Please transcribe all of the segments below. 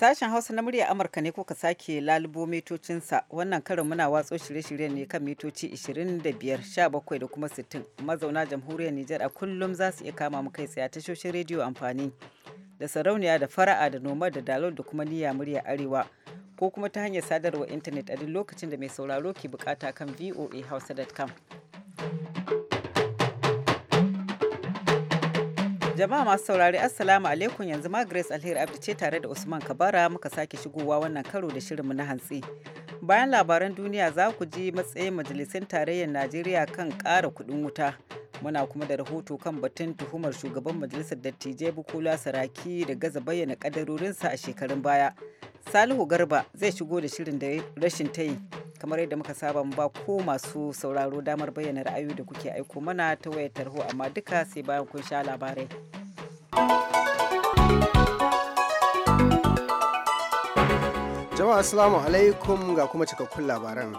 Sashen Hausa na murya Amurka ne kuka sake lalubo metocinsa wannan karin muna watso shirye-shirye ne kan metoci 25, 17 da kuma 60 mazauna jamhuriyar Nijar a kullum za su iya kama mu kai tsaye tashoshin rediyo amfani da sarauniya da fara'a da noma da dalol da kuma niyya murya arewa ko kuma ta hanyar sadarwa intanet a duk lokacin da mai sauraro ke bukata kan voa voahausa.com. Jama'a masu saurari Assalamu alaikum yanzu ma Grace Alheri abdice ce tare da Usman Kabara muka sake shigowa wannan karo da shirinmu na hantsi. Bayan labaran duniya za ku ji matsayin majalisun tarayyar Najeriya kan kara kuɗin wuta. Muna kuma da rahoto kan batun tuhumar shugaban majalisar dattijai Bukola Saraki da gaza bayyana ƙaddarorinsa a shekarun baya. Salihu Garba zai shigo da shirin da rashin tayi kamar yadda muka saba ba ko masu sauraro damar bayyana ra'ayoyi da kuke aiko mana ta wayar tarho amma duka sai bayan kun sha labarai jama'a assalamu alaikum ga kuma cikakkun labaran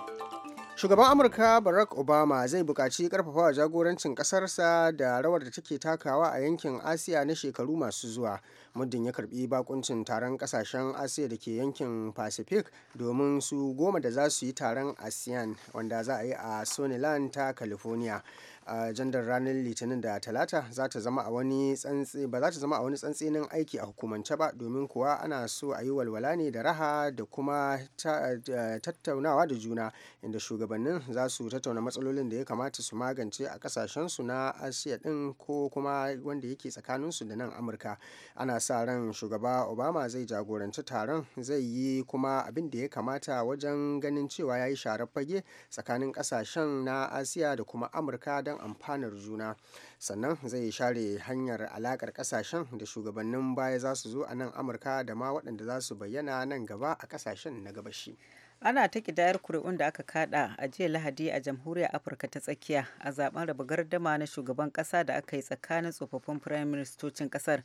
Shugaban Amurka Barack Obama zai buƙaci ƙarfafawa jagorancin ƙasarsa da rawar da take takawa a yankin Asiya na shekaru masu zuwa. Muddin ya karbi bakuncin taron ƙasashen Asiya da ke yankin Pacific domin su goma da za su yi taron ASEAN wanda za a yi a Sonyland ta California. a jandar ranar litinin da talata za ta zama a wani tsantsi ba za ta zama a wani tsantsinin aiki a hukumance ba domin kuwa ana so a yi walwala ne da raha da kuma eh, tattaunawa da juna inda shugabannin za su tattauna matsalolin da ya kamata su magance a kasashensu na asiya din ko kuma wanda yake tsakanin su da nan amurka ana sa ran shugaba obama zai jagoranci taron zai yi kuma abin da ya kamata wajen ganin cewa ya yi sharar fage tsakanin kasashen na asiya da kuma amurka da don amfanar juna sannan zai share hanyar alakar kasashen da shugabannin baya za su zo a nan amurka da ma waɗanda za su bayyana nan gaba a kasashen na gabashi ana ta kidayar kuri'un da aka kada a jiya lahadi a jamhuriyar afirka ta tsakiya a zaben raba gardama na shugaban kasa da aka yi tsakanin tsofaffin firayim ministocin kasar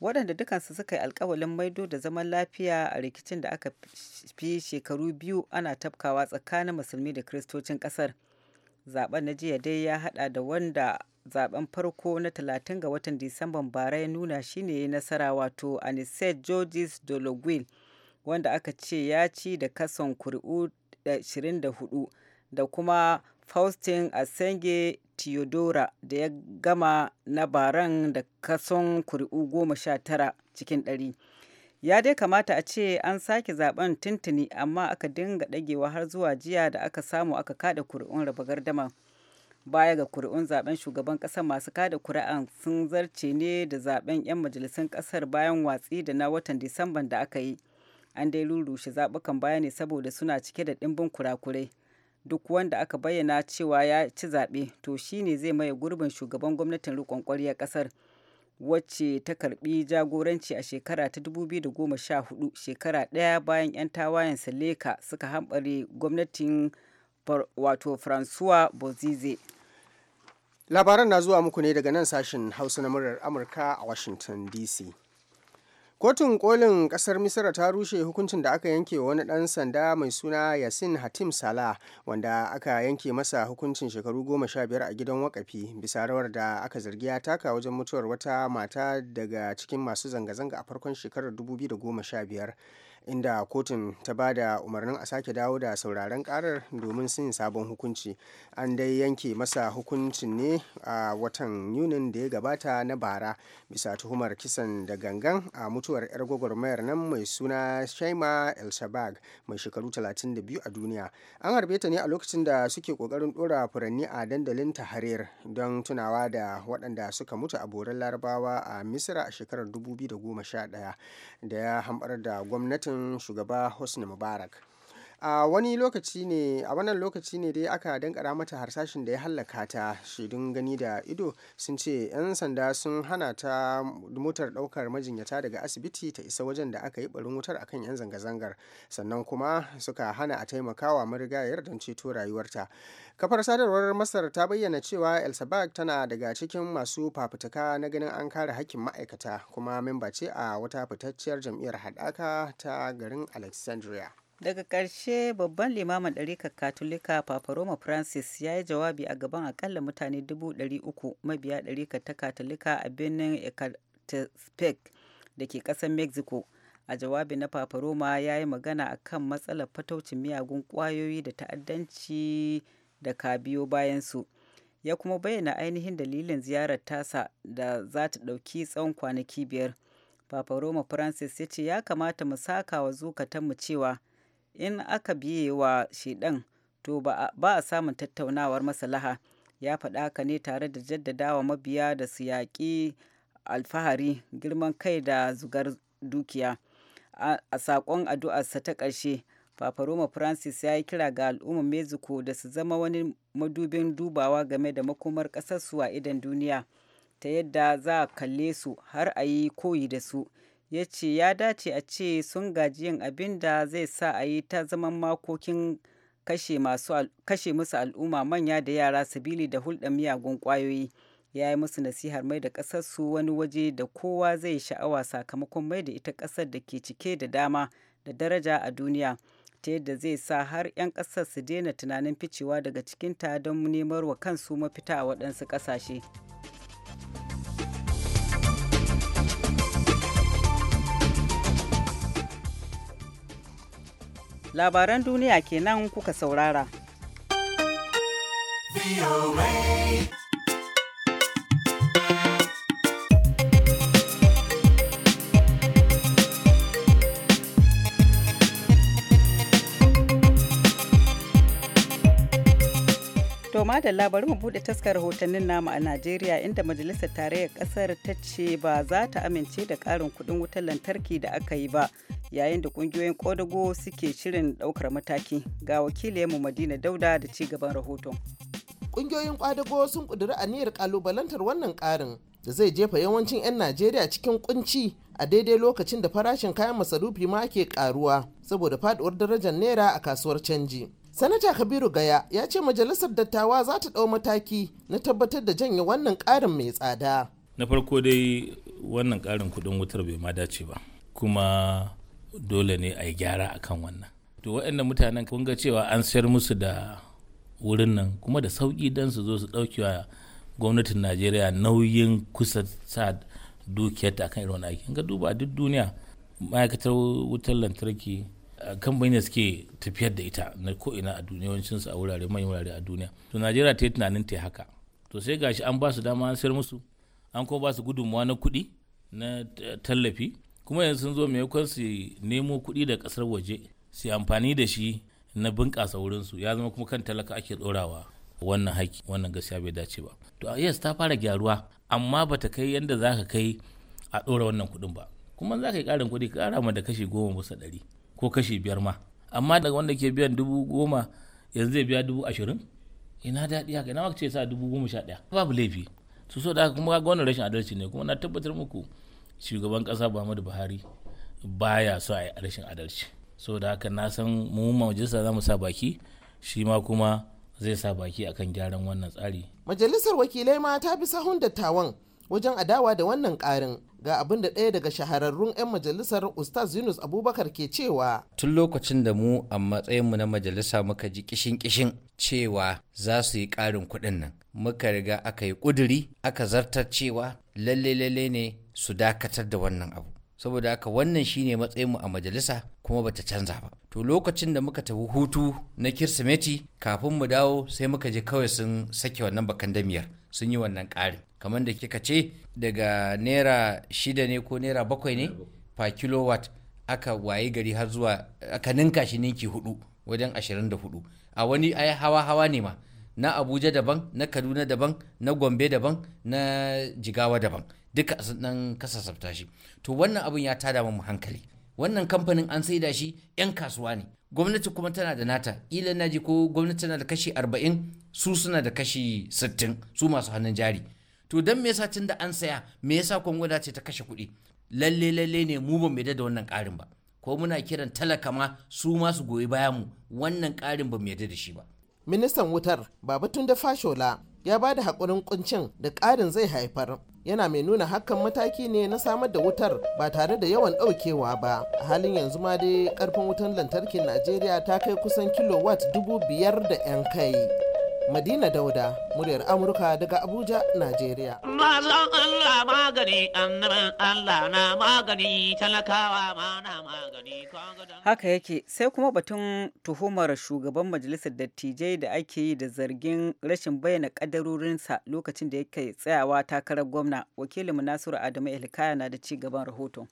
waɗanda dukansu suka yi alkawalin maido da zaman lafiya a rikicin da aka fi shekaru biyu ana tafkawa tsakanin musulmi da kiristocin ƙasar zaben na jiya dai ya hada da wanda zaben farko na 30 ga watan disamban bara ya nuna shine ya nasara wato aniset georges dologuil wanda aka ce ya ci da kason kuri'u 24 da kuma faustin asenge theodora da ya gama na baran da kason kuri'u 19 cikin 100 ya dai kamata a ce an sake zaben tuntuni amma aka dinga dagewa har zuwa jiya da aka samu aka kada kuri'un raba gardama baya ga kuri'un zaben shugaban kasa masu kada kuri'an sun zarce ne da zaben 'yan majalisun kasar bayan watsi da na watan disamban da aka yi an dai rurushe zabukan baya ne saboda suna cike da dimbin kurakurai duk wanda aka bayyana cewa ya ci zaɓe to shine zai maye gurbin shugaban gwamnatin riƙon ƙwaryar ƙasar kasar wacce ta karbi jagoranci a shekara ta 2014 shekara ɗaya bayan 'yan tawayen seleka suka hambare gwamnatin wato francois bozize labaran na zuwa muku ne daga nan sashen hausa na murar amurka a washington dc Kotun kolin kasar Misira ta rushe hukuncin da aka yanke wani ɗan sanda mai suna Yasin Hatim Salah wanda aka yanke masa hukuncin shekaru goma sha biyar a gidan wakafi bisa rawar da aka zargi ya taka wajen mutuwar wata mata daga cikin masu zanga-zanga a farkon shekarar 2015. inda kotun ta ba da umarnin a sake dawo da sauraren karar domin sun sabon hukunci an dai yanke masa hukuncin ne a watan yunin da ya gabata na bara bisa tuhumar kisan da gangan a mutuwar 'yar gwagwarmayar nan mai suna shaima el shabag mai shekaru 32 a duniya an harbe ta ne a lokacin da suke kokarin dora furanni a dandalin taharir don tunawa da waɗanda suka mutu a boran larabawa a misira a shekarar 2011 da ya hambar da gwamnatin shugaba hosni mubarak a wani lokaci ne a wannan lokaci ne dai aka dankara mata harsashin da ya hallaka ta shaidun gani da ido sun ce 'yan sanda sun hana ta motar daukar majinyata daga asibiti ta isa wajen da aka yi barin wutar akan 'yan zanga-zangar sannan kuma suka hana a taimakawa marigayar don ceto rayuwarta kafar sadarwar masar ta bayyana cewa el tana daga cikin masu fafutuka na ganin an kare hakkin ma'aikata kuma memba ce a wata fitacciyar jam'iyyar haɗaka ta garin alexandria daga ƙarshe babban limamin ɗarikar katolika papa roma francis ya yi jawabi a gaban akalla mutane 300 mabiya ɗarikar ta katolika a birnin ecatepec da ke ƙasar mexico a jawabi na papa roma ya yi magana a kan matsalar fataucin miyagun ƙwayoyi da ta'addanci da ka biyo bayansu ya kuma bayyana ainihin dalilin ziyarar tasa da za ta ɗauki tsawon kwanaki biyar papa roma francis ya ce ya kamata mu saka wa zukatanmu cewa in aka biye wa shedan to ba a samun tattaunawar masalaha ya faɗa haka ne tare da jaddadawa mabiya da su yaƙi alfahari girman kai da zugar dukiya a saƙon addu'arsa ta ƙarshe Paparoma Francis ya yi kira ga al'ummar Mexico da su zama wani madubin dubawa game da makomar ƙasarsu a idan duniya ta yadda za a kalle su har a yi koyi da su ya ce ya dace a ce sun gaji yin abin da zai sa a yi ta zaman makokin kashe musu al'umma manya da yara sabili da hulɗar miyagun ƙwayoyi ya yi musu nasihar mai da ƙasarsu wani waje da kowa zai sha'awa sakamakon mai da ita ƙasar da ke cike da dama da daraja a duniya ta yadda zai sa har 'yan ƙasar su daina tunanin ficewa daga cikinta don nemar wa kansu mafita a waɗansu ƙasashe. Labaran duniya kenan kuka saurara. To da bari mu bude taskar rahotannin namu a Najeriya inda majalisar tarayyar kasar ta ce ba za ta amince da ƙarin kuɗin wutar lantarki da aka yi ba yayin da kungiyoyin kodago suke shirin ɗaukar mataki ga mu Madina Dauda da ci gaban rahoton. ƙungiyoyin kwadago sun kuduri aniyar ƙalubalantar wannan ƙarin da zai jefa yawancin 'yan Najeriya cikin ƙunci a daidai lokacin da farashin kayan masarufi ma ke ƙaruwa saboda faduwar darajar naira a kasuwar canji. sanata kabiru gaya ya ce majalisar dattawa za ta ɗau mataki na tabbatar da janye wannan karin mai tsada na farko dai wannan karin kuɗin wutar bai ma dace ba kuma dole ne a yi gyara akan wannan to waɗannan mutanen kun ga cewa an sayar musu da wurin nan kuma da sauƙi don su zo su ɗauki wa gwamnatin najeriya nauyin kusa sa dukiyarta akan irin wani aiki ga duba duk duniya ma'aikatar wutar lantarki kamfanin da suke tafiyar da ita na ko'ina a duniya yawancinsu a wurare manyan wurare a duniya to najeriya ta yi tunanin ta haka to sai gashi an basu dama an sayar musu an kuma basu su gudunmawa na kuɗi na tallafi kuma yanzu sun zo maimakon su nemo kuɗi da ƙasar waje su amfani da shi na bunƙasa wurinsu ya zama kuma kan talaka ake ɗorawa wannan haƙƙi wannan gaskiya bai dace ba to yes ta fara gyaruwa amma bata kai yadda za ka kai a ɗora wannan kuɗin ba kuma za ka yi ƙarin kuɗi ka ƙara ma da kashi goma bisa ɗari ko kashi biyar ma amma daga wanda ke biyan dubu goma yanzu zai biya dubu ashirin ina daɗi haka ina maka ce sa dubu goma sha ɗaya babu laifi su so da haka kuma ga wannan rashin adalci ne kuma na tabbatar muku shugaban ƙasa muhammadu buhari baya so a yi rashin adalci so da haka na san mu majalisa za mu sa baki shi ma kuma zai sa baki akan gyaran wannan tsari majalisar wakilai ma ta bi sahun dattawan wajen adawa da wannan karin ga abin da ɗaya daga shahararrun 'yan majalisar ustaz yunus abubakar ke cewa tun lokacin da mu a matsayinmu na majalisa muka ji kishin kishin cewa za su yi ƙarin kuɗin nan muka riga aka yi ƙuduri aka zartar cewa lalle lalle ne su dakatar da wannan abu saboda haka wannan shine matsayinmu a majalisa kuma bata canza ba to lokacin da muka tafi hutu na kirsimeti kafin mu dawo sai muka je kawai sun sake wannan bakan damiyar sun yi wannan ƙarin kamar da kika ce daga naira shida ne ko naira bakwai ne per kilowatt aka waye gari har zuwa aka ninka shi ninki hudu wajen ashirin da hudu a wani ai hawa hawa ne ma na abuja daban na kaduna daban na gombe daban na jigawa daban duka nan sabta shi to wannan abun ya tada mu hankali wannan kamfanin an da shi 'yan kasuwa ne gwamnati kuma tana da nata ila na ji ko gwamnati tana da kashi arba'in su suna da kashi sittin su masu hannun jari to dan me yasa tun da an saya me yasa kwangwada ce ta kashe kuɗi lalle lalle ne mu mu yadda da wannan ƙarin ba ko muna kiran talaka ma su ma su goyi baya mu wannan ƙarin ba mu yadda da shi ba ministan wutar da fashola ya ba da haƙurin kuncin da ƙarin zai haifar yana mai nuna hakan mataki ne na samar da wutar ba tare da yawan ɗaukewa ba a halin yanzu ma dai ƙarfin wutar lantarkin najeriya ta kai kusan kilowatt dubu biyar da 'yan kai Madina Dauda, muryar Amurka daga Abuja, Najeriya. Mazan Allah magani, annabin Allah na magani, talakawa ma na magani. Haka yake, sai kuma batun tuhumar shugaban majalisar dattijai da ake yi da zargin rashin bayyana kadarorinsa lokacin da yake tsayawa takarar gwamna. Wakilin Nasiru Adamu Ilkaya na da ci gaban rahoton.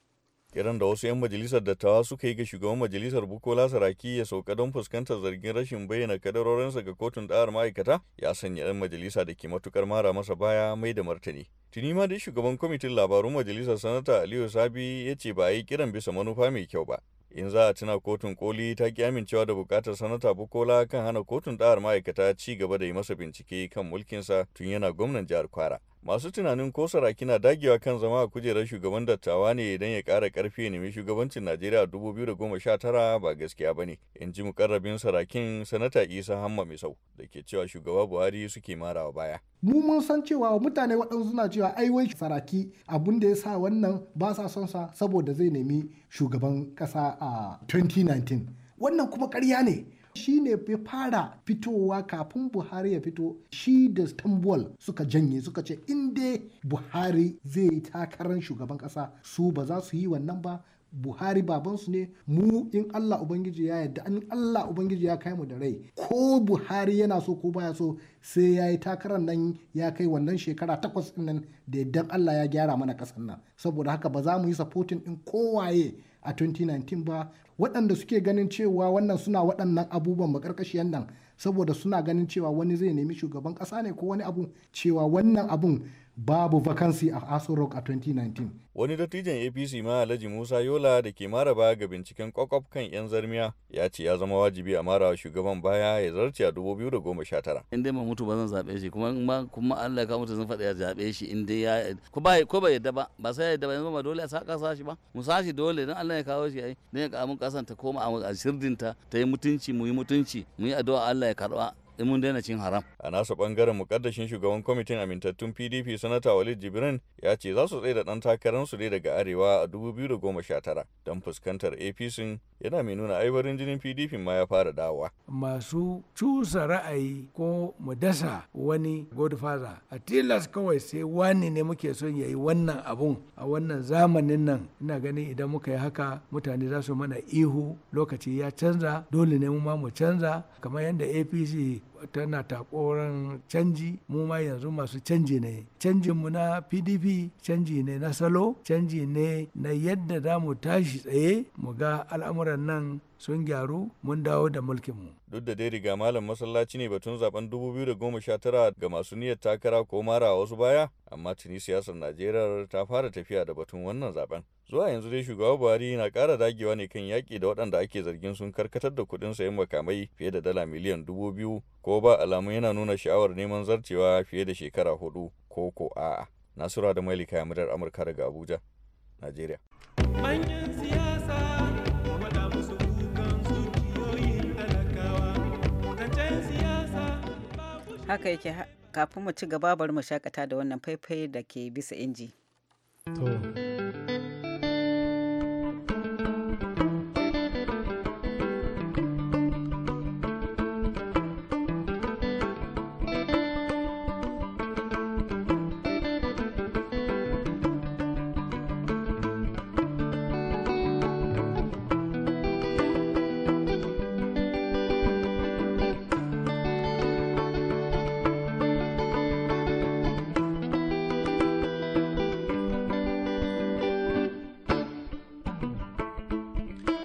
kiran da wasu 'yan majalisar dattawa suka yi ga shugaban majalisar bukola saraki ya sauka don fuskantar zargin rashin bayyana kadarorinsa ga kotun ɗa'ar ma'aikata ya sanya 'yan majalisa da ke matukar mara masa baya mai da martani tuni ma dai shugaban kwamitin labarun majalisar sanata aliyu sabi ya ce ba a yi kiran bisa manufa mai kyau ba in za a tuna kotun koli ta ki amincewa da bukatar sanata bukola kan hana kotun ɗa'ar ma'aikata ci gaba da yi masa bincike kan mulkinsa tun yana gwamnan jihar kwara Masu tunanin ko Saraki na dagewa kan zama a kujerar shugaban dattawa ne idan ya kara ƙarfi ya nemi shugabancin Najeriya 2019 ba gaskiya ba ne, in ji mukarrabin Sarakin Sanata Isa Hamma sau da ke cewa shugaba Buhari suke marawa baya. Mu mun san cewa mutane waɗansu na cewa ai wai Saraki abin da ya sa wannan ba sa son sa saboda zai nemi shugaban ƙasa a 2019. Wannan kuma karya ne. shi ne ya fara fitowa kafin buhari ya fito shi da stambul suka janye suka ce inda buhari zai yi takarar shugaban kasa su ba za su yi wannan ba buhari babansu ne mu in allah ubangiji ya yarda in allah ubangiji ya kai mu da rai ko buhari yana so ko baya so sai ya yi takarar nan ya kai wannan shekara takwas din nan da yadda allah ya gyara mana kasan nan saboda haka ba za mu yi supporting din kowaye a 2019 ba waɗanda suke ganin cewa wannan suna waɗannan abubuwan makarkashiyan nan saboda suna ganin cewa wani zai nemi shugaban ƙasa ne ko wani abu cewa wannan abun babu vacancy a Aso Rock a 2019. Wani dattijan APC ma Alhaji Musa Yola da ke maraba ga binciken kwakwaf kan 'yan zarmiya ya ce ya zama wajibi a mara shugaban baya ya zarce a 2019. Inda ma mutu ba zan zaɓe shi kuma kuma Allah ka mutu zan faɗa ya zaɓe shi inda ya ko ba ko ba yadda ba ba sai ya yadda ba yanzu ba dole a saka sashi ba mu shi dole dan Allah ya kawo shi ai dan ya kawo mun kasan ta koma a shirdinta ta yi mutunci mu yi mutunci mu yi addu'a Allah ya karba in mun daina cin haram. A nasu bangaren mukaddashin shugaban kwamitin amintattun PDP sanata Walid Jibrin ya ce za su tsaye da ɗan su ne daga Arewa a 2019 don fuskantar APC yana mai nuna aibarin jinin PDP ma ya fara dawowa. Masu cusa ra'ayi ko mu dasa wani godfather a tilas kawai sai wani ne muke son ya yi wannan abun a wannan zamanin nan ina ganin idan muka yi haka mutane za su mana ihu lokaci ya canza dole ne mu ma mu canza kamar yadda APC tana takoran canji mu ma yanzu masu canji ne canjin mu na pdp canji ne na salo canji ne na yadda za mu tashi tsaye mu ga al'amuran nan sun gyaru mun dawo da mulkinmu. Duk da dai riga malam masallaci ne batun zaben 2019 ga masu niyyar takara ko mara wasu baya, amma tuni siyasar Najeriya ta fara tafiya da batun wannan zaben. Zuwa yanzu dai shugaba Buhari na ƙara dagewa ne kan yaƙi da waɗanda ake zargin sun karkatar da kuɗin sayan makamai fiye da dala miliyan dubu biyu ko ba alamun yana nuna sha'awar neman zarcewa fiye da shekara hudu ko ko a'a. Nasura da Malika Yamurar Amurka daga Abuja, Najeriya. Manyan siyasa haka yake kafin mu ci gaba bari mu shakata da wannan faifai da ke bisa inji.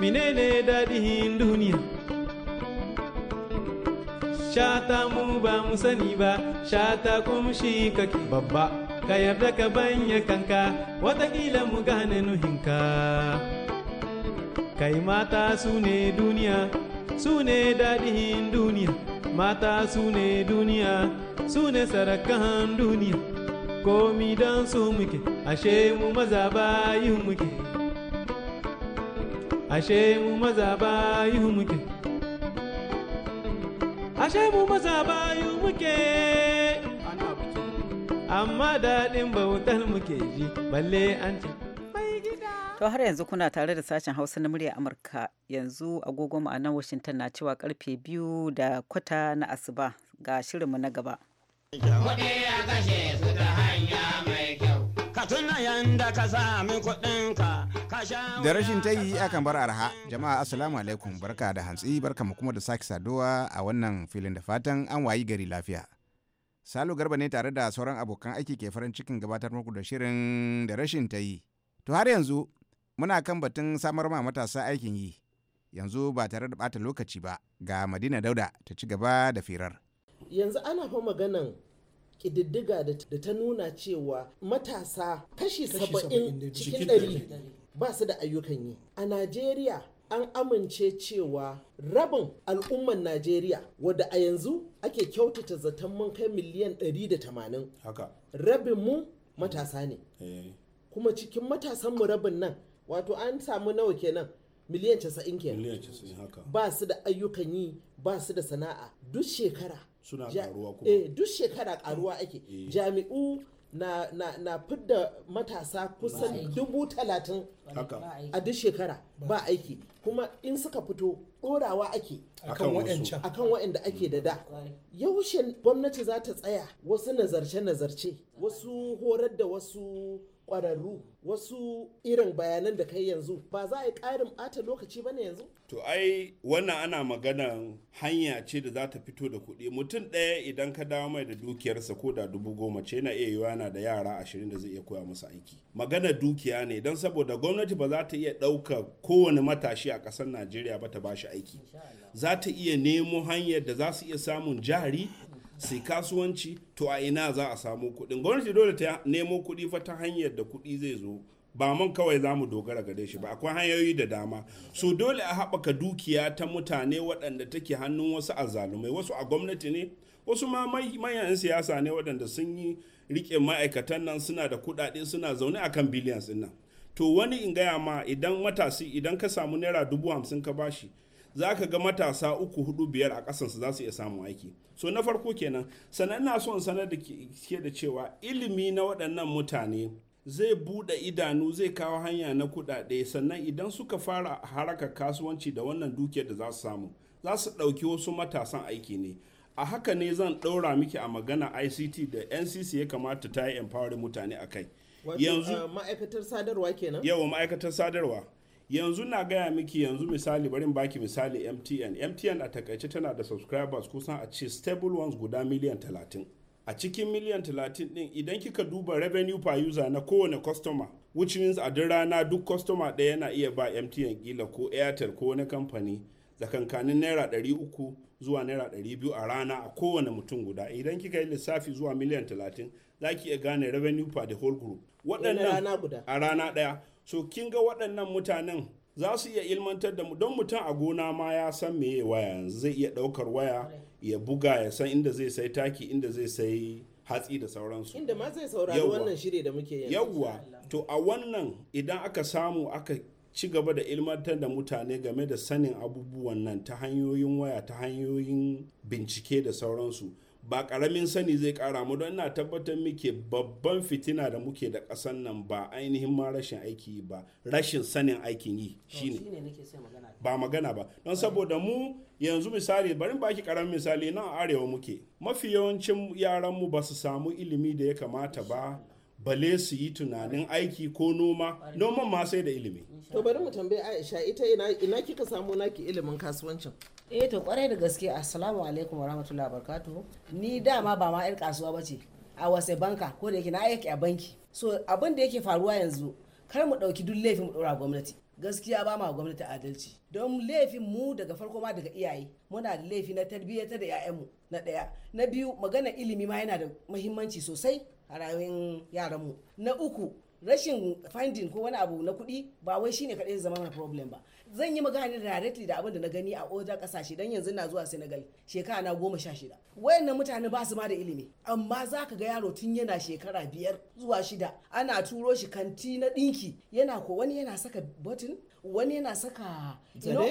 minene daɗin duniya shata mu ba mu sani ba shata kumshi kake babba ka yarda ka banya kanka watakila mu gane nuhinka kai mata su ne duniya su ne daɗin duniya mata su ne duniya su ne sarakan duniya komi don su muke ashe mu maza yi muke ashe mu maza bayu muke ashe mu maza bayu muke amma daɗin bautar muke ji balle an ce To har yanzu kuna tare da sashen Hausa na murya Amurka yanzu agogo ma'anar Washington na cewa karfe biyu da kwata na asuba ga shirinmu na gaba. Kuɗi a kashe su ta hanya mai kyau. Ka tuna yanda ka sami kuɗinka. da rashin ta yi akan bar arha jama'a assalamu alaikum barka da hantsi barka mu kuma da sake saduwa a wannan filin da fatan an wayi gari lafiya salo garba ne tare da sauran abokan aiki ke farin cikin gabatar muku da shirin da rashin ta yi to har yanzu muna kan batun samar ma matasa aikin yi yanzu ba tare da bata lokaci ba ga madina dauda ta ci gaba da firar yanzu ana fa maganan ƙididdiga da ta nuna cewa matasa kashi saba'in cikin ɗari ba su da ayyukan yi a najeriya an amince cewa rabin al'umman najeriya wadda a yanzu ake kyautata zaton mun kai miliyan 180 rabin mu matasa ne eh. kuma cikin matasan mu rabin nan wato an samu nawa kenan miliyan 90 kenan ba su da ayyukan yi ba su da sana'a duk shekara suna karuwa kuma eh duk shekara karuwa ake eh. jami'u na, na, na fidda matasa kusan dubu talatin a duk shekara ba aiki kuma in suka fito ɗorawa ake akan waɗanda ake da da mm. yaushe gwamnati za ta tsaya wasu nazarce-nazarce wasu horar da wasu kwararru wasu irin bayanan da kai yanzu ba za a yi ƙarin ɓata lokaci ba ne yanzu? To ai wannan ana maganan hanya ce da za ta fito da kuɗi mutum ɗaya idan ka dawo mai da dukiyarsa ko da dubu goma ce yana iya yiwa yana da yara ashirin da zai iya koya musu aiki. Magana dukiya ne don saboda gwamnati ba za ta iya ɗauka kowane matashi a ƙasar Najeriya ba ta ba shi aiki. Za ta iya nemo hanyar da za su iya samun jari sai kasuwanci to a ina za a samu kuɗin gwamnati dole ta nemo kuɗi fa ta hanyar da kuɗi zai zo ba man kawai za mu dogara gare shi ba akwai hanyoyi da dama so dole a haɓaka dukiya ta mutane waɗanda take hannun wasu a zalumai wasu a gwamnati ne wasu ma manyan siyasa ne waɗanda sun yi riƙe ma'aikatan nan suna da kuɗaɗe suna zaune a kan billions nan to wani in gaya ma idan matasi idan ka samu naira dubu hamsin ka bashi za ka ga matasa uku hudu biyar a kasansa za su iya samun aiki so na farko kenan sannan na son sanar da ke da cewa ilimi na waɗannan mutane zai buɗe idanu zai kawo hanya na kuɗaɗe sannan idan suka fara haraka kasuwanci da wannan dukiyar da za su samu za su ɗauki wasu matasan aiki ne a haka ne zan ɗaura miki a magana ict da ncc ya kamata ta yi empowering mutane a kai yanzu ma'aikatar sadarwa kenan yawa ma'aikatar sadarwa yanzu na gaya miki yanzu misali barin baki misali mtn mtn a takaice tana da subscribers kusan a ce stable ones guda miliyan 30 a cikin miliyan 30 din idan kika duba revenue per user na kowane customer which means a duk rana duk customer ɗaya yana iya ba mtn kila ko airtel ko wani kamfani kankanin naira 300 zuwa naira 200 a rana a kowane mutum guda idan kika yi lissafi zuwa miliyan 30 za ki iya gane revenue per the whole group waɗannan a rana ɗaya so kin ga waɗannan mutanen za su iya ilmantar da mu don mutum a gona ma ya san meye waya yanzu zai iya ɗaukar waya ya buga ya san inda zai sai taki inda zai sai hatsi da sauransu inda ma zai saurari wannan shirye da muke yi yawwa to a wannan idan aka samu aka ci gaba da ilmantar da mutane game da sanin abubuwan nan ta hanyoyin waya ta hanyoyin bincike da sauransu ba ƙaramin sani zai ƙara mu don ina tabbatar muke babban fitina da muke da ƙasan nan ba ainihin ma rashin aiki ba rashin sanin aikin yi shi ne ba magana ba don saboda mu yanzu misali barin baki ƙaramin misali nan arewa muke mafi yawancin yaran mu ba su samu ilimi da ya kamata ba bale su yi tunanin aiki ko noma noman ma sai da ilimi to bari mu tambaye aisha ita ina kika samu naki ilimin kasuwancin eh to kwarai da gaske assalamu alaikum warahmatullahi wabarakatuh ni dama ba ma yar kasuwa bace a wase banka ko da yake na aiki a banki so abin da yake faruwa yanzu kar mu dauki duk laifin mu dora gwamnati gaskiya ba ma gwamnati adalci don laifin mu daga farko ma daga iyaye muna da laifi na tarbiyyar da 'ya'yanmu na ɗaya na biyu magana ilimi ma yana da muhimmanci sosai a rayuwar yaranmu na uku rashin finding ko wani abu na kuɗi ba wai shine kaɗai zama na problem ba zan yi magana directly da abin da na gani a oda kasashe dan yanzu na zuwa senegal shekara na goma sha shida wayannan mutane ba su ma da ilimi amma za ka ga yaro tun yana shekara biyar zuwa shida ana turo shi kanti na ɗinki yana ko wani yana saka button wani yana saka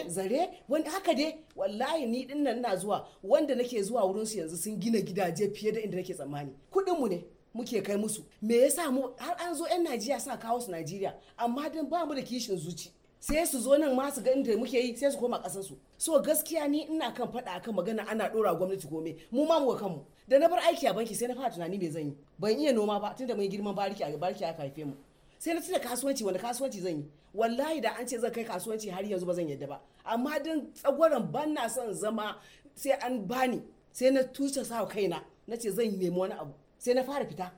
zare wani haka dai wallahi ni dinnan na zuwa wanda nake zuwa wurin su yanzu sun gina gidaje fiye da inda nake tsammani kuɗin mu ne muke kai musu me yasa mu har an zo 'yan najeriya suna kawo su najeriya amma dan ba mu da kishin zuci sai su zo nan ma su ga inda muke yi sai su koma kasar su so gaskiya ni ina kan faɗa akan magana ana dora gwamnati kome mu ma mu kanmu da na bar aiki a banki sai na fara tunani me zan yi ban iya noma ba tunda mun girman bariki a bariki aka haife mu sai na tuna kasuwanci wanda kasuwanci zan yi wallahi da an ce zan kai kasuwanci har yanzu ba zan yadda ba amma dan tsagwaron ban na son zama sai an bani sai na tusa sa kaina na ce zan nemi wani abu sai na fara fita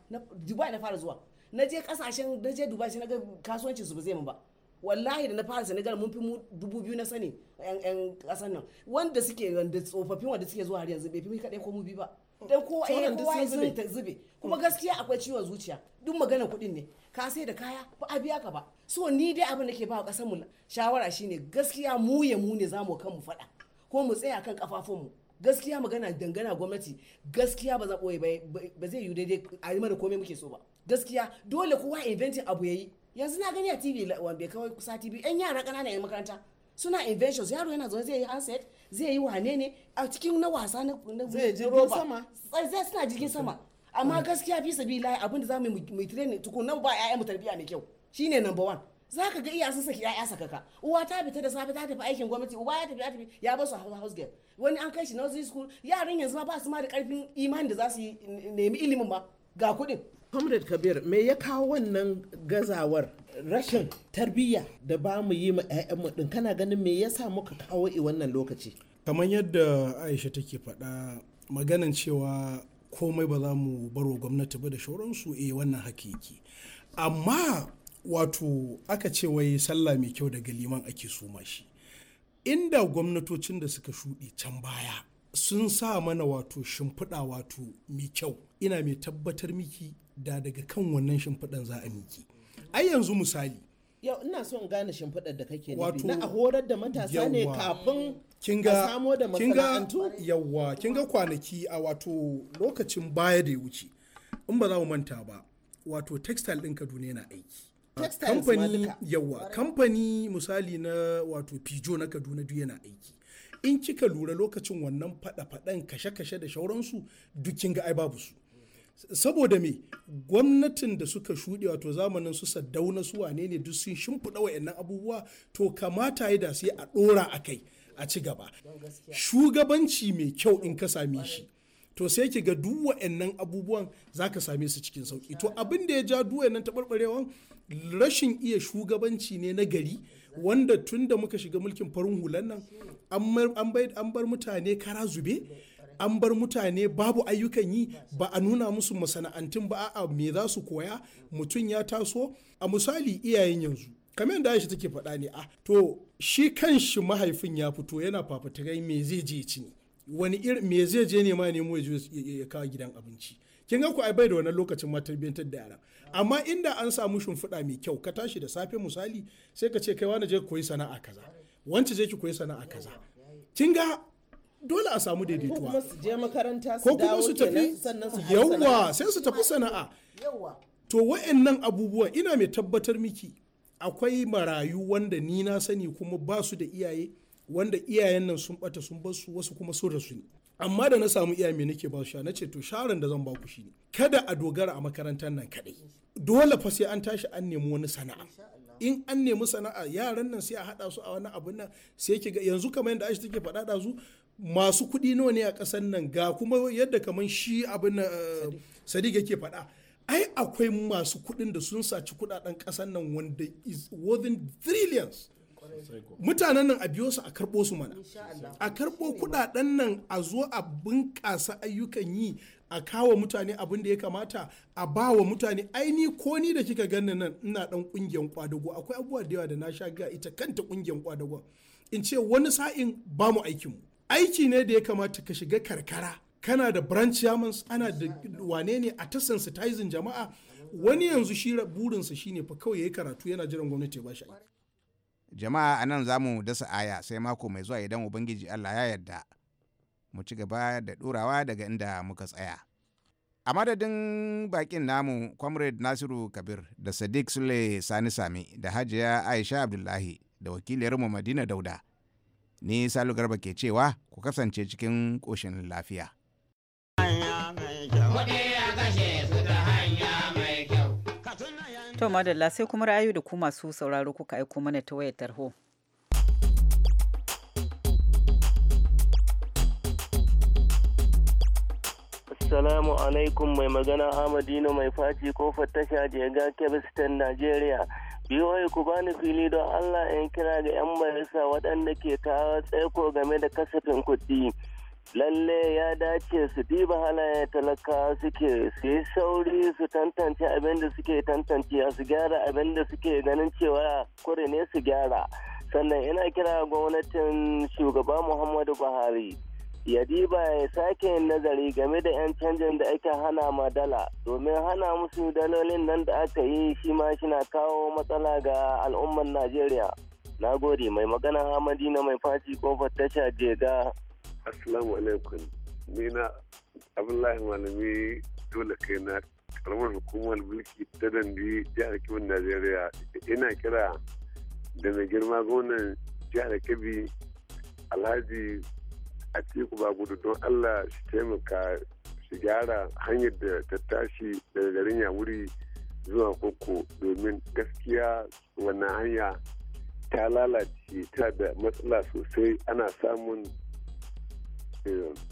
dubai na fara zuwa na je kasashen na je dubai sai na ga kasuwancin su ba zai mu ba wallahi da na fara senegal mun fi mu dubu biyu na sani yan yan kasan nan wanda suke wanda tsofaffin wanda suke zuwa har yanzu bai fi mu kadai ko mu bi ba dan kowa eh kowa zube ta zube kuma gaskiya akwai ciwon zuciya duk magana kuɗin ne ka sai da kaya ba a biya ka ba so ni dai abin da ke ba kasan mu shawara shine gaskiya mu ya mu ne zamu kan mu faɗa ko mu tsaya kan kafafun mu gaskiya magana dangana gwamnati gaskiya ba za ɓoye ba zai yi daidai a yi mara komai muke so ba gaskiya dole kowa inventin abu ya yayi yanzu na gani a tv wanda kawai kusa tv yan yara kanana yan makaranta suna inventions yaro yana zaune zai yi handset zai yi wane ne a cikin na wasa na zai sama suna jirgin sama amma mm. gaskiya fi sabi layi abinda za mu yi training tukun nan ba 'ya'yan mu tarbiyya mai kyau shine number one zaka ga iya sun saki ya'ya sakaka uwa ta fita da safe ta tafi aikin gwamnati uba ya tafi ya tafi ya basu house house girl wani an kai shi nursery school yaran yanzu ma ba su ma da karfin imani da za su nemi ilimin ba ga kuɗin comrade kabir me ya kawo wannan gazawar rashin tarbiyya da ba mu yi ma mu din kana ganin me yasa muka kawo i wannan lokaci kamar yadda aisha take faɗa maganan cewa komai ba za mu baro gwamnati ba da shauransu eh wannan hakiki amma wato aka ce wai sallah mai kyau daga liman ake so shi inda gwamnatocin da suka shuɗe can baya sun sa mana wato shimfiɗa wato mai kyau ina mai tabbatar miki da daga kan wannan shimfiɗan za a miki ai yanzu misali yau ina son gane shimfiɗar da kake nufi na a horar da matasa ne kafin kinga samo da masana'antu yawa kinga kwanaki a wato lokacin baya da ya wuce in ba za mu manta ba wato textile ɗin kaduna yana aiki kamfani yawa kamfani misali na wato pijo na kaduna duk yana aiki in kika lura lokacin wannan fada-fadan kashe-kashe da shauransu dukkin ga ai babu su saboda me gwamnatin da suka shuɗe wato zamanin su saddauna su wane ne duk sun shimfiɗa wa'annan abubuwa to kamata ya da sai a ɗora a kai a ci gaba shugabanci mai kyau in ka same shi to sai ki ga duk nan abubuwan za ka same su cikin sauki to abin da ya ja duwa nan taɓarɓarewan rashin iya shugabanci ne na gari wanda tun da muka shiga mulkin farin hulan nan an bar mutane kara zube an bar mutane babu ayyukan yi ba a nuna musu masana'antun ba a me za su koya mutum ya taso a misali iyayen yanzu kamar da Aisha take faɗa ne a ah, to shi kan shi mahaifin ya fito yana fafatarai me zai je ci ne wani irin me zai je ne nema nemo ya kawo gidan abinci kin ga ku ai bai da wannan lokacin ma tarbiyantar da yara amma inda an samu shimfiɗa mai kyau ka tashi da safe misali sai ka ce kai wani je koyi sana'a kaza wance je ki koyi sana'a kaza kin ga dole a samu daidaituwa ko kuma su tafi yawa sai su tafi sana'a to wa'annan abubuwa ina mai tabbatar miki akwai marayu wanda ni na sani kuma ba su da iyaye wanda iyayen nan sun bata sun bar su wasu kuma sun rasu ne amma da na samu iyaye me nake ba sha nace to sharan da zan ba ku ne. kada a dogara a makarantar nan kadai dole fa sai an tashi an nemi wani sana'a in an nemi sana'a yaran nan sai a hada su a wani abun nan sai ki ga yanzu kamar yadda Aisha take faɗa da su masu kuɗi nawa ne a ƙasar nan ga kuma yadda kamar shi abin eh, sadiq yake faɗa ai akwai masu kuɗin da sun saci kuɗaɗen ƙasar nan wanda is worth trillions mutanen nan a biyo su a karɓo su mana a karɓo kuɗaɗen nan a zo a bunƙasa ayyukan yi a kawo mutane abin da ya kamata a ba wa mutane aini ko ni da kika ganin nan ina dan kungiyar kwadago akwai abubuwa da yawa da na sha ga ita kanta kungiyar kwadago in ce wani sa'in ba mu aikin mu aiki ne da ya kamata ka shiga karkara kana da branch chairmans ana da wane ne a ta sensitizing jama'a wani yanzu shi burinsa shine fa kawai yayi karatu yana jiran gwamnati ya bashi aiki jama'a a nan za mu dasa aya sai mako mai zuwa idan ubangiji allah ya yarda mu ci gaba da ɗorawa daga inda muka tsaya a madadin bakin namu comrade nasiru kabir da sadiq sule sani sami da hajiya aisha abdullahi da wakiliyarmu madina dauda ni salu garba ke cewa ku kasance cikin ƙoshin lafiya. To madalla sai kuma ra'ayi da ku masu sauraro kuka aiko mana ta wayar tarho. Assalamu alaikum mai magana Ahmadino mai faci kofar tasha ga Kebistan Najeriya. Biyoyi ku bani fili don Allah in kira ga 'yan majalisa waɗanda ke ta tsaiko game da kasafin kuɗi. lalle ya dace su diba halayen talaka suke su yi sauri su tantance abin da suke tantance su gyara abin da suke ganin cewa kure ne su gyara sannan ina kira gwamnatin shugaba muhammadu buhari ya diba ya sake yin nazari game da 'yan canjin da ake hana ma dala domin hana musu dalolin nan da aka yi shi ma shina kawo matsala ga al'ummar najeriya na gode mai magana hamadi na mai faci kofar tasha jega asalamu alaikum ni na abdullahi malami dole kai na karamar hukumar mulki ta dandi jihar kebbi najeriya ina kira da mai girma gwamnan jihar kebbi alhaji a teku gudu don allah shi taimaka shi gyara hanyar da ta tashi daga garin wuri zuwa koko domin gaskiya wannan hanya ta lalace ta da matsala sosai ana samun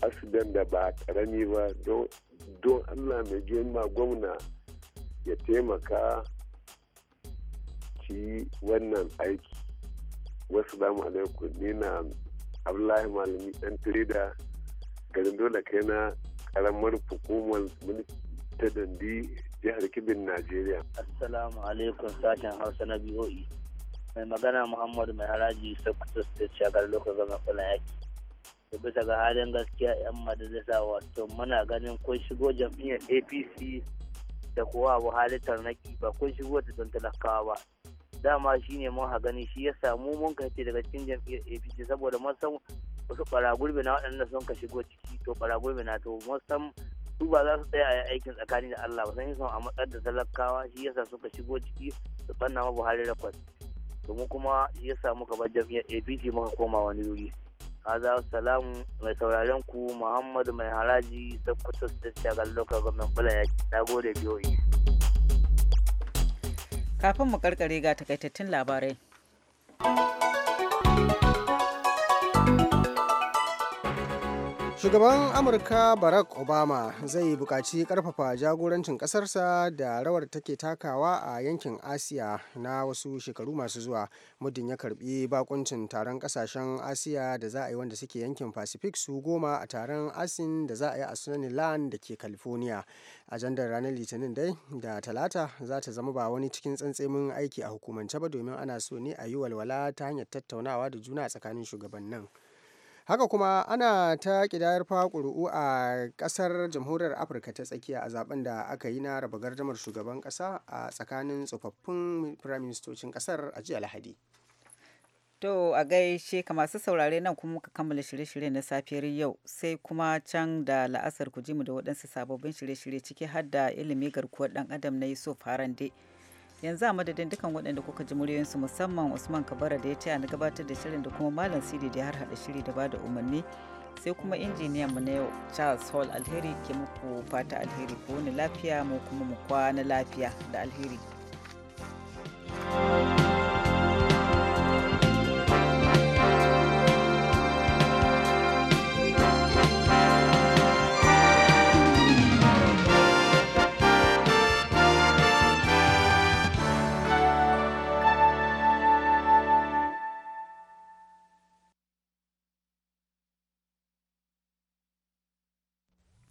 asidan da ba karami ba don allah mai girma gwamna ya taimaka ci wannan aiki wasu damu alaikun ni na abdullahi malami dan tirida garin dole kai na karamar hukumar ta dandi jihar kibin najeriya assalamu alaikum sashen hausa na biyoyi e. mai magana muhammadu mai haraji sakutus state shagar lokacin zama yaki to bisa ga halin gaskiya 'yan majalisa wato muna ganin kun shigo jam'iyyar apc da kuwa abu halittar tarnaki ba kun shigo da don talakawa ba dama shi ne mun hagani gani shi ya samu mun kace daga cikin jam'iyyar apc saboda mun san wasu ɓaragurbi na waɗanda sun ka shigo ciki to ɓaragurbi na to mun san su ba za su tsaya a aikin tsakani da Allah ba san sun a matsar da talakawa shi ya yasa suka shigo ciki su fanna ma Buhari rakwas domin kuma shi ya samu bar jam'iyyar APC muka koma wani wuri haza salamu mai sauraren ku muhammadu mai haraji sakkwato da shagar lokar gwamnan bula ya na gode biyoyi kafin mu karkare ga takaitattun labarai shugaban amurka barack obama zai bukaci karfafa jagorancin kasarsa da rawar take takawa a yankin asiya na wasu shekaru masu zuwa muddin ya karbi bakuncin taron kasashen asiya da za a yi wanda suke yankin pacific su goma a taron asin da za a yi a land da ke california ajandar ranar litinin dai da talata za ta zama ba wani cikin tsantsemin aiki a hukumance ba domin ana so ne a yi walwala ta hanyar tattaunawa da juna tsakanin shugabannin Haka kuma ana ta kidayar fa ƙuri'u a ƙasar jamhuriyar Afirka ta tsakiya a zaben da aka yi na raba gardamar shugaban ƙasa a tsakanin tsofaffin firaministocin ƙasar a jiya Lahadi. To a gaishe ka masu saurare nan kuma ka kammala shirye-shirye na safiyar yau sai kuma can da la'asar ku ji mu da waɗansu sababbin shirye-shirye ciki har da ilimi garkuwar ɗan adam na Yusuf Harande. yanzu a madadin dukkan waɗanda kuka ji muryoyinsu musamman usman kabara da ya taya na gabatar da shirin da kuma malam sidi da ya har hada shiri da bada umarni sai kuma injiniyan mu na yau charles hall alheri ke muku fata alheri ko wani lafiya mu kuma mu kwana lafiya da alheri thank you